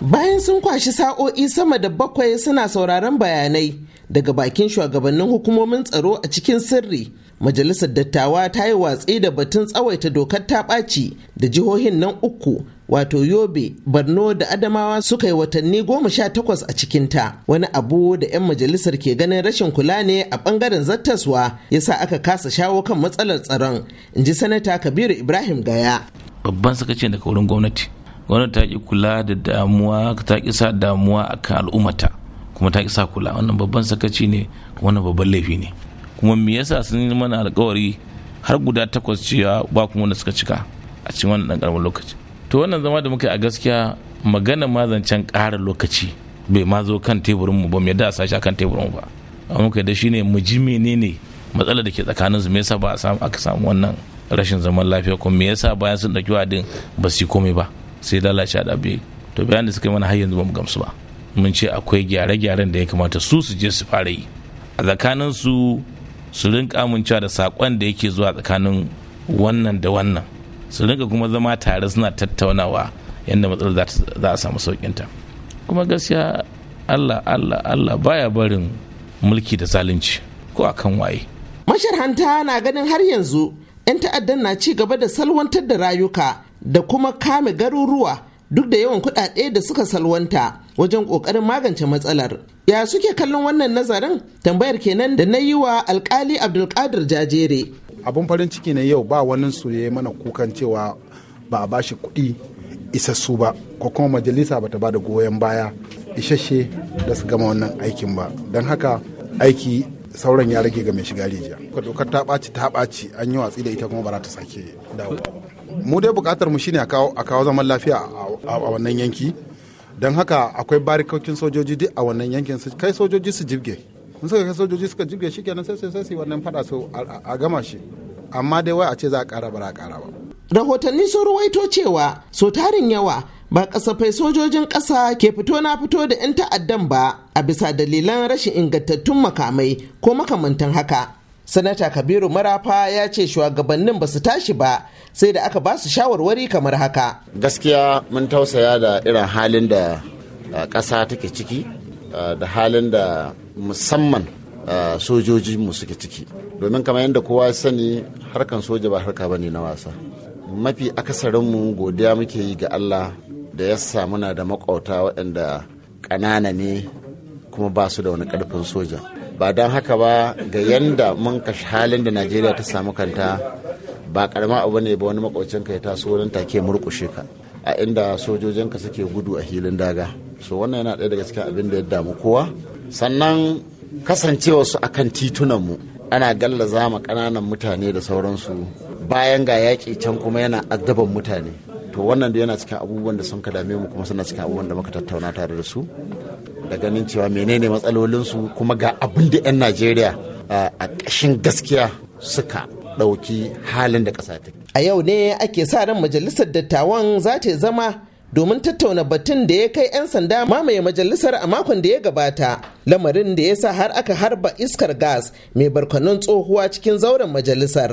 bayan sun kwashi sa'o'i sama da bakwai suna sauraron bayanai daga bakin shugabannin hukumomin tsaro a cikin sirri majalisar dattawa ta yi watsi da batun tsawaita dokar ta ɓaci da jihohin nan uku wato yobe Barno da adamawa suka yi watanni goma sha takwas a cikinta wani abu da 'yan majalisar ke ganin rashin kula ne a bangaren zattaswa sa aka kasa shawo kan matsalar tsaron in ji sanata kabiru ibrahim gaya babban sakaci daga wurin gwamnati gwamnati ta ki kula da damuwa ta ki sa damuwa akan al'ummata kuma ta ki sa kula wannan babban sakaci ne wannan babban laifi ne kuma me yasa sun yi mana alkawari har guda takwas cewa ba kuma wanda suka cika a cikin wannan dan karamin lokaci to wannan zama da muka a gaskiya magana ma zancen ƙara lokaci bai ma zo kan teburin mu ba mu yadda a sashi akan teburin mu ba amma muka da shi ne mu ji menene matsalar da ke tsakanin su me yasa ba a samu aka samu wannan rashin zaman lafiya kuma me yasa bayan sun dauki wadin ba su yi komai ba sai lalace a ɗabe to bayan da suka mana har yanzu ba mu gamsu ba mun ce akwai gyare-gyaren da ya kamata su su je su fara yi a tsakanin su su rinka amincewa da sakon da yake zuwa tsakanin wannan da wannan su rinka kuma zama tare suna tattaunawa yadda matsalar za a samu sauƙinta kuma gaskiya allah allah allah baya barin mulki da zalunci ko a kan waye masharhanta na ganin har yanzu 'yan ta'addan na ci gaba da salwantar da rayuka da kuma kame garuruwa duk da yawan kuɗaɗe da suka salwanta wajen ƙoƙarin magance matsalar. Ya suke kallon wannan nazarin? Tambayar kenan da na yi wa alkali Abdulkadir Jajere. Abun farin ciki na yau ba wani su ya mana kukan cewa ba a bashi kuɗi isassu ba, ko kuma majalisa ba ta ba da goyon baya isasshe da su gama wannan aikin ba. Don haka aiki sauran ya rage ga mai shiga rijiya. Dokar ta ɓaci ta ɓaci an yi watsi da ita kuma ba za ta sake dawo. mu dai bukatar mu shine a kawo zaman lafiya a wannan yanki don haka akwai barikokin sojoji duk a wannan yankin su kai sojoji su jibge in suka kai sojoji suka jibge shi kenan sai sai sai wannan fada su a gama shi amma dai wai a ce za a kara ba a kara ba rahotanni sun ruwaito cewa so tarin yawa ba kasafai sojojin ƙasa ke fito na fito da 'yan ta'addan ba a bisa dalilan rashin ingantattun makamai ko makamantan haka sanata kabiru marafa ya ce shugabannin ba su tashi ba sai da aka ba su shawarwari kamar haka gaskiya mun tausaya da irin halin da uh, ƙasa take ciki uh, da halin da musamman uh, sojojinmu suke ciki domin kamar yadda kowa ya sani harkan soja ba harka bane na wasa mafi akasarinmu godiya muke yi ga allah da ya samu muna da makauta waɗanda ƙanana ne kuma ba su da wani ƙarfin soja ba don haka ba ga yanda mun kashe halin da najeriya ta samu kanta ba karama abu ne ba wani ka ya taso wurin take murkushe ka a inda sojojinka suke gudu a hilin daga so wannan yana ɗaya daga cikin abin da ya damu kowa sannan kasancewa su akan mu. ana gallaza ma ƙananan mutane da sauransu bayan ga yaƙi can kuma yana addaban mutane to wannan da yana cikin abubuwan da sun ka dame mu kuma suna cikin abubuwan da muka tattauna tare da su da ganin cewa menene matsalolinsu kuma ga abin da 'yan najeriya a ƙashin gaskiya suka ɗauki halin da ƙasa ta a yau ne ake sa ran majalisar dattawan za ta zama domin tattauna batun da ya kai 'yan sanda mamaye majalisar a makon da ya gabata lamarin da ya sa har aka harba iskar gas mai barkonon tsohuwa cikin zauren majalisar